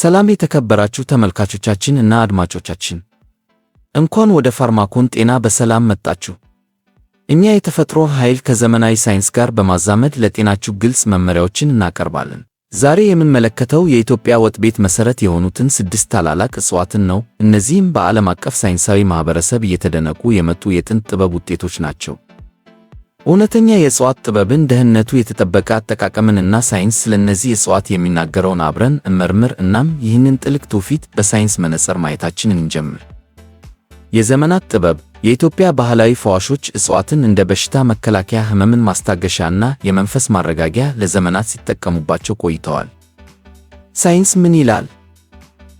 ሰላም የተከበራችሁ ተመልካቾቻችን እና አድማጮቻችን እንኳን ወደ ፋርማኮን ጤና በሰላም መጣችሁ። እኛ የተፈጥሮ ኃይል ከዘመናዊ ሳይንስ ጋር በማዛመድ ለጤናችሁ ግልጽ መመሪያዎችን እናቀርባለን። ዛሬ የምንመለከተው የኢትዮጵያ ወጥ ቤት መሠረት የሆኑትን ስድስት ታላላቅ እፅዋትን ነው። እነዚህም በዓለም አቀፍ ሳይንሳዊ ማኅበረሰብ እየተደነቁ የመጡ የጥንት ጥበብ ውጤቶች ናቸው። እውነተኛ የእጽዋት ጥበብን ደህንነቱ የተጠበቀ አጠቃቀምን እና ሳይንስ ስለነዚህ እጽዋት የሚናገረውን አብረን እንመርምር። እናም ይህንን ጥልቅ ትውፊት በሳይንስ መነጽር ማየታችን እንጀምር። የዘመናት ጥበብ የኢትዮጵያ ባህላዊ ፈዋሾች እጽዋትን እንደ በሽታ መከላከያ፣ ህመምን ማስታገሻና የመንፈስ ማረጋጊያ ለዘመናት ሲጠቀሙባቸው ቆይተዋል። ሳይንስ ምን ይላል?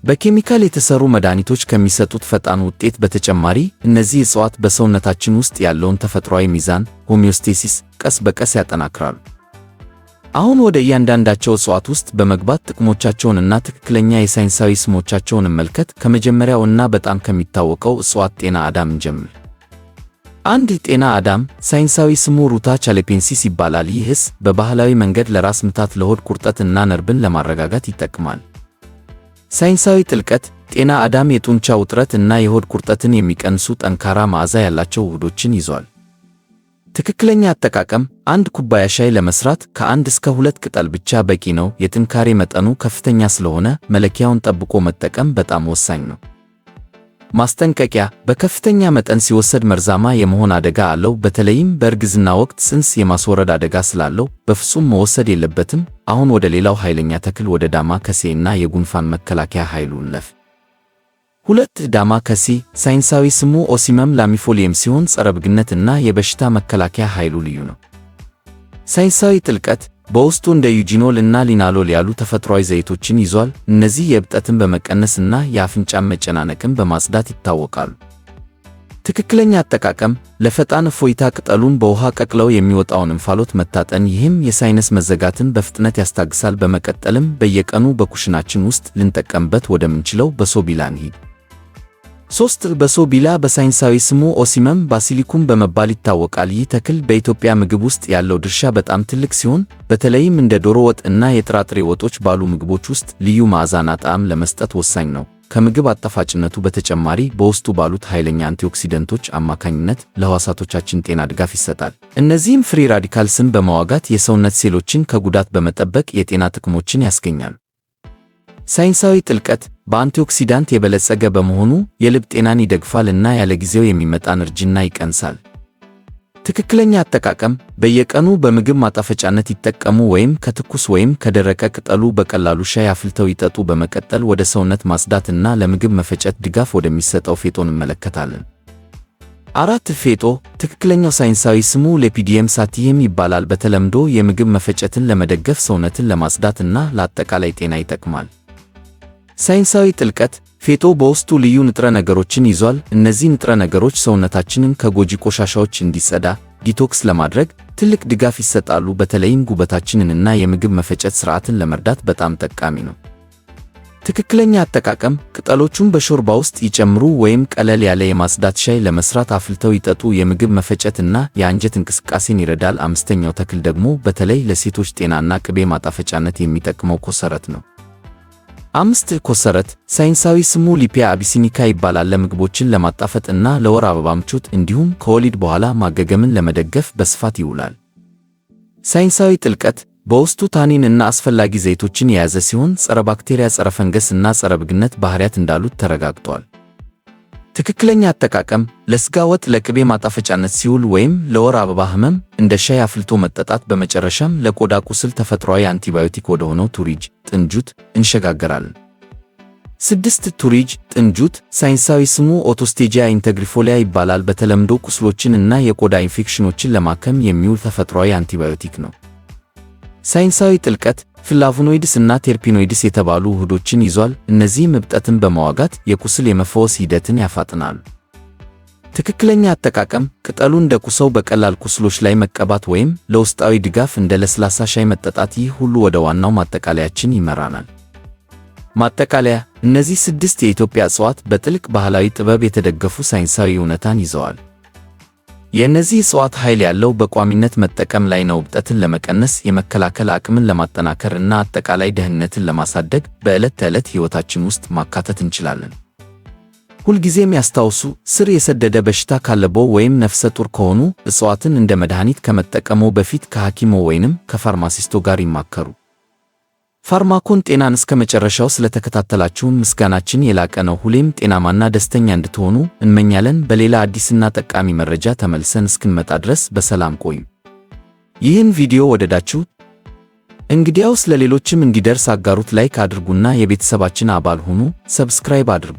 በኬሚካል የተሰሩ መድኃኒቶች ከሚሰጡት ፈጣን ውጤት በተጨማሪ እነዚህ እፅዋት በሰውነታችን ውስጥ ያለውን ተፈጥሯዊ ሚዛን ሆሚዮስቴሲስ ቀስ በቀስ ያጠናክራሉ። አሁን ወደ እያንዳንዳቸው እፅዋት ውስጥ በመግባት ጥቅሞቻቸውንና ትክክለኛ የሳይንሳዊ ስሞቻቸውን እንመልከት። ከመጀመሪያው እና በጣም ከሚታወቀው እፅዋት ጤና አዳም እንጀምር። አንድ ጤና አዳም ሳይንሳዊ ስሙ ሩታ ቻሌፔንሲስ ይባላል። ይህስ በባህላዊ መንገድ ለራስ ምታት፣ ለሆድ ቁርጠት እና ነርብን ለማረጋጋት ይጠቅማል። ሳይንሳዊ ጥልቀት ጤና አዳም የጡንቻ ውጥረት እና የሆድ ቁርጠትን የሚቀንሱ ጠንካራ መዓዛ ያላቸው ውህዶችን ይዟል። ትክክለኛ አጠቃቀም፣ አንድ ኩባያ ሻይ ለመስራት ከአንድ እስከ ሁለት ቅጠል ብቻ በቂ ነው። የጥንካሬ መጠኑ ከፍተኛ ስለሆነ መለኪያውን ጠብቆ መጠቀም በጣም ወሳኝ ነው። ማስጠንቀቂያ በከፍተኛ መጠን ሲወሰድ መርዛማ የመሆን አደጋ አለው። በተለይም በእርግዝና ወቅት ጽንስ የማስወረድ አደጋ ስላለው በፍጹም መወሰድ የለበትም። አሁን ወደ ሌላው ኃይለኛ ተክል ወደ ዳማ ከሴ እና የጉንፋን መከላከያ ኃይሉ እንለፍ። ሁለት ዳማ ከሴ ሳይንሳዊ ስሙ ኦሲመም ላሚፎሊየም ሲሆን ጸረ ብግነት እና የበሽታ መከላከያ ኃይሉ ልዩ ነው። ሳይንሳዊ ጥልቀት በውስጡ እንደ ዩጂኖል እና ሊናሎል ያሉ ተፈጥሯዊ ዘይቶችን ይዟል። እነዚህ የእብጠትን በመቀነስ እና የአፍንጫን መጨናነቅን በማጽዳት ይታወቃሉ። ትክክለኛ አጠቃቀም ለፈጣን እፎይታ ቅጠሉን በውሃ ቀቅለው የሚወጣውን እንፋሎት መታጠን፣ ይህም የሳይነስ መዘጋትን በፍጥነት ያስታግሳል። በመቀጠልም በየቀኑ በኩሽናችን ውስጥ ልንጠቀምበት ወደምንችለው በሶ እንሂድ። ሶስት ቢላ በሳይንሳዊ ስሙ ኦሲመም ባሲሊኩም በመባል ይታወቃል። ይህ ተክል በኢትዮጵያ ምግብ ውስጥ ያለው ድርሻ በጣም ትልቅ ሲሆን በተለይም እንደ ዶሮ ወጥ እና የጥራጥሬ ወጦች ባሉ ምግቦች ውስጥ ልዩ መዓዛና ጣዕም ለመስጠት ወሳኝ ነው። ከምግብ አጣፋጭነቱ በተጨማሪ በውስጡ ባሉት ኃይለኛ አንቲኦክሲደንቶች አማካኝነት ለሕዋሳቶቻችን ጤና ድጋፍ ይሰጣል። እነዚህም ፍሪ ራዲካልስን በመዋጋት የሰውነት ሴሎችን ከጉዳት በመጠበቅ የጤና ጥቅሞችን ያስገኛል። ሳይንሳዊ ጥልቀት በአንቲኦክሲዳንት የበለጸገ በመሆኑ የልብ ጤናን ይደግፋል እና ያለ ጊዜው የሚመጣን እርጅና ይቀንሳል። ትክክለኛ አጠቃቀም፣ በየቀኑ በምግብ ማጣፈጫነት ይጠቀሙ ወይም ከትኩስ ወይም ከደረቀ ቅጠሉ በቀላሉ ሻይ አፍልተው ይጠጡ። በመቀጠል ወደ ሰውነት ማጽዳት እና ለምግብ መፈጨት ድጋፍ ወደሚሰጠው ፌጦ እንመለከታለን። አራት ፌጦ ትክክለኛው ሳይንሳዊ ስሙ ሌፒዲየም ሳቲየም ይባላል። በተለምዶ የምግብ መፈጨትን ለመደገፍ፣ ሰውነትን ለማጽዳት እና ለአጠቃላይ ጤና ይጠቅማል። ሳይንሳዊ ጥልቀት ፌጦ በውስጡ ልዩ ንጥረ ነገሮችን ይዟል። እነዚህ ንጥረ ነገሮች ሰውነታችንን ከጎጂ ቆሻሻዎች እንዲጸዳ ዲቶክስ ለማድረግ ትልቅ ድጋፍ ይሰጣሉ። በተለይም ጉበታችንንና የምግብ መፈጨት ስርዓትን ለመርዳት በጣም ጠቃሚ ነው። ትክክለኛ አጠቃቀም፣ ቅጠሎቹን በሾርባ ውስጥ ይጨምሩ ወይም ቀለል ያለ የማጽዳት ሻይ ለመስራት አፍልተው ይጠጡ። የምግብ መፈጨትና የአንጀት እንቅስቃሴን ይረዳል። አምስተኛው ተክል ደግሞ በተለይ ለሴቶች ጤናና ቅቤ ማጣፈጫነት የሚጠቅመው ኮሰረት ነው። አምስት ኮሰረት ሳይንሳዊ ስሙ ሊፒያ አቢሲኒካ ይባላል። ለምግቦችን ለማጣፈጥ እና ለወር አበባ ምቾት እንዲሁም ከወሊድ በኋላ ማገገምን ለመደገፍ በስፋት ይውላል። ሳይንሳዊ ጥልቀት በውስጡ ታኒን እና አስፈላጊ ዘይቶችን የያዘ ሲሆን ጸረ ባክቴሪያ፣ ጸረ ፈንገስ እና ጸረ ብግነት ባህሪያት እንዳሉት ተረጋግጧል። ትክክለኛ አጠቃቀም ለስጋ ወጥ ለቅቤ ማጣፈጫነት ሲውል ወይም ለወር አበባ ህመም እንደ ሻይ አፍልቶ መጠጣት። በመጨረሻም ለቆዳ ቁስል ተፈጥሯዊ አንቲባዮቲክ ወደሆነው ቱሪጅ ጥንጁት እንሸጋገራለን። ስድስት ቱሪጅ ጥንጁት ሳይንሳዊ ስሙ ኦቶስቴጂያ ኢንተግሪፎሊያ ይባላል። በተለምዶ ቁስሎችን እና የቆዳ ኢንፌክሽኖችን ለማከም የሚውል ተፈጥሯዊ አንቲባዮቲክ ነው። ሳይንሳዊ ጥልቀት ፍላቮኖይድስ እና ቴርፒኖይድስ የተባሉ ውህዶችን ይዟል። እነዚህም እብጠትን በመዋጋት የቁስል የመፈወስ ሂደትን ያፋጥናሉ። ትክክለኛ አጠቃቀም ቅጠሉ እንደ ቁሰው በቀላል ቁስሎች ላይ መቀባት ወይም ለውስጣዊ ድጋፍ እንደ ለስላሳ ሻይ መጠጣት። ይህ ሁሉ ወደ ዋናው ማጠቃለያችን ይመራናል። ማጠቃለያ፣ እነዚህ ስድስት የኢትዮጵያ እፅዋት በጥልቅ ባህላዊ ጥበብ የተደገፉ ሳይንሳዊ እውነታን ይዘዋል። የእነዚህ እፅዋት ኃይል ያለው በቋሚነት መጠቀም ላይ ነው። እብጠትን ለመቀነስ፣ የመከላከል አቅምን ለማጠናከር እና አጠቃላይ ደህንነትን ለማሳደግ በዕለት ተዕለት ሕይወታችን ውስጥ ማካተት እንችላለን። ሁልጊዜም ያስታውሱ፣ ስር የሰደደ በሽታ ካለቦ ወይም ነፍሰ ጡር ከሆኑ እፅዋትን እንደ መድኃኒት ከመጠቀሙ በፊት ከሐኪሞ ወይንም ከፋርማሲስቶ ጋር ይማከሩ። ፋርማኮን ጤናን እስከ መጨረሻው ስለተከታተላችሁን ምስጋናችን የላቀ ነው። ሁሌም ጤናማና ደስተኛ እንድትሆኑ እንመኛለን። በሌላ አዲስና ጠቃሚ መረጃ ተመልሰን እስክንመጣ ድረስ በሰላም ቆዩ። ይህን ቪዲዮ ወደዳችሁ እንግዲያው ስለ እንዲደርስ አጋሩት። ላይክ አድርጉና የቤተሰባችን አባል ሁኑ። ሰብስክራይብ አድርጉ።